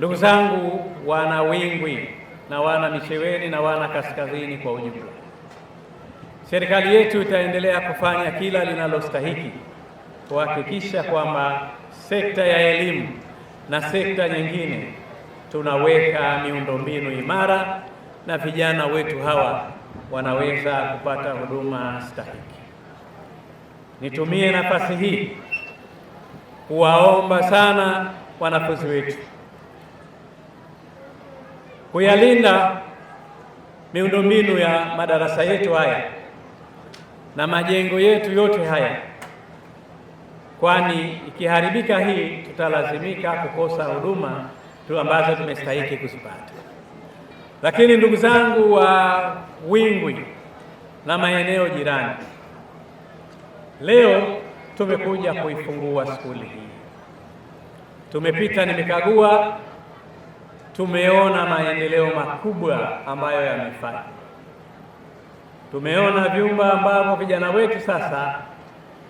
Ndugu zangu wana Wingwi na wana Micheweni na wana Kaskazini kwa ujumla, serikali yetu itaendelea kufanya kila linalostahiki kuhakikisha kwamba sekta ya elimu na sekta nyingine tunaweka miundombinu imara na vijana wetu hawa wanaweza kupata huduma stahiki. Nitumie nafasi hii kuwaomba sana wanafunzi wetu kuyalinda miundombinu ya madarasa yetu haya na majengo yetu yote haya, kwani ikiharibika hii tutalazimika kukosa huduma tu ambazo tumestahiki kuzipata. Lakini ndugu zangu wa Wingwi na maeneo jirani, leo tumekuja kuifungua skuli hii, tumepita, nimekagua tumeona maendeleo makubwa ambayo yamefanya Tumeona vyumba ambavyo vijana wetu sasa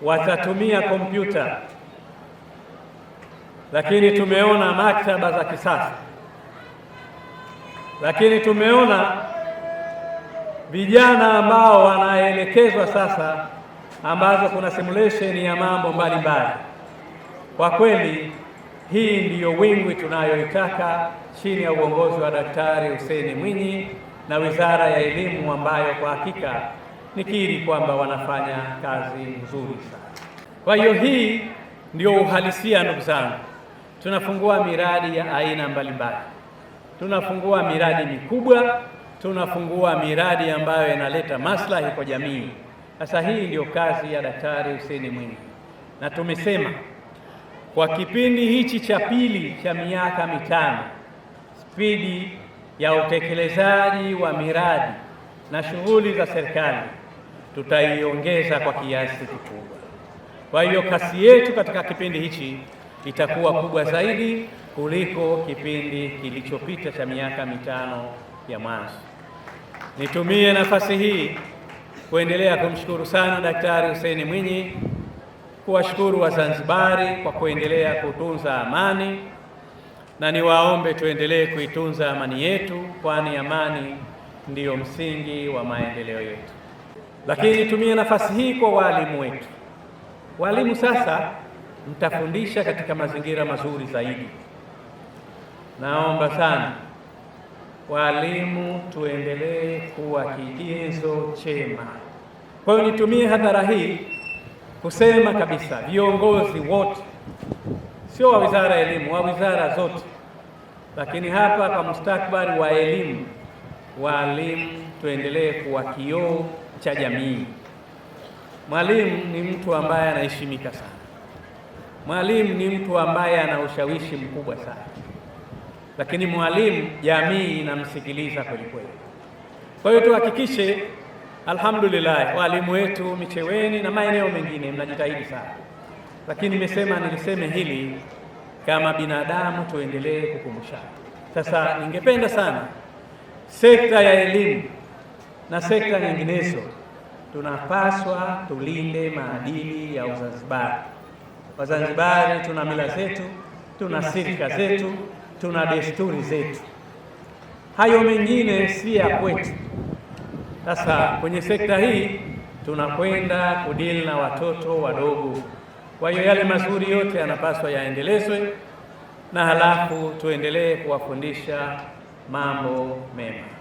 watatumia kompyuta, lakini tumeona maktaba za kisasa, lakini tumeona vijana ambao wanaelekezwa sasa, ambazo kuna simulation ya mambo mbalimbali. Kwa kweli hii ndiyo wingwi tunayoitaka chini ya uongozi wa Daktari Hussein Mwinyi na Wizara ya Elimu ambayo kwa hakika nikiri kwamba wanafanya kazi nzuri sana. Kwa hiyo hii ndiyo uhalisia, ndugu zangu. Tunafungua miradi ya aina mbalimbali, tunafungua miradi mikubwa, tunafungua miradi ambayo inaleta maslahi kwa jamii. Sasa hii ndiyo kazi ya Daktari Hussein Mwinyi, na tumesema kwa kipindi hichi cha pili cha miaka mitano, spidi ya utekelezaji wa miradi na shughuli za serikali tutaiongeza kwa kiasi kikubwa. Kwa hiyo kasi yetu katika kipindi hichi itakuwa kubwa zaidi kuliko kipindi kilichopita cha miaka mitano ya mwanzo. Nitumie nafasi hii kuendelea kumshukuru sana Daktari Hussein Mwinyi kuwashukuru Wazanzibari kwa kuendelea kutunza amani, na niwaombe tuendelee kuitunza amani yetu, kwani amani ndiyo msingi wa maendeleo yetu. Lakini nitumie nafasi hii kwa walimu wetu. Walimu sasa mtafundisha katika mazingira mazuri zaidi. Naomba sana walimu, tuendelee kuwa kigezo chema. Kwa hiyo nitumie hadhara hii kusema kabisa viongozi wote, sio wa wizara ya elimu, wa wizara zote, lakini hapa kwa mustakabali wa elimu, walimu tuendelee kuwa kioo cha jamii. Mwalimu ni mtu ambaye anaheshimika sana. Mwalimu ni mtu ambaye ana ushawishi mkubwa sana, lakini mwalimu, jamii inamsikiliza kweli kweli. Kwa hiyo tuhakikishe Alhamdulillah, walimu wetu Micheweni na maeneo mengine mnajitahidi sana, lakini nimesema niliseme hili kama binadamu tuendelee kukumbushana. Sasa ningependa sana sekta ya elimu na sekta nyinginezo tunapaswa tulinde maadili ya Uzanzibari. Wazanzibari tuna mila zetu, tuna silka zetu, tuna desturi zetu, hayo mengine si ya kwetu. Sasa kwenye sekta hii tunakwenda kudili na watoto wadogo. Kwa hiyo yale mazuri yote yanapaswa yaendelezwe, na halafu tuendelee kuwafundisha mambo mema.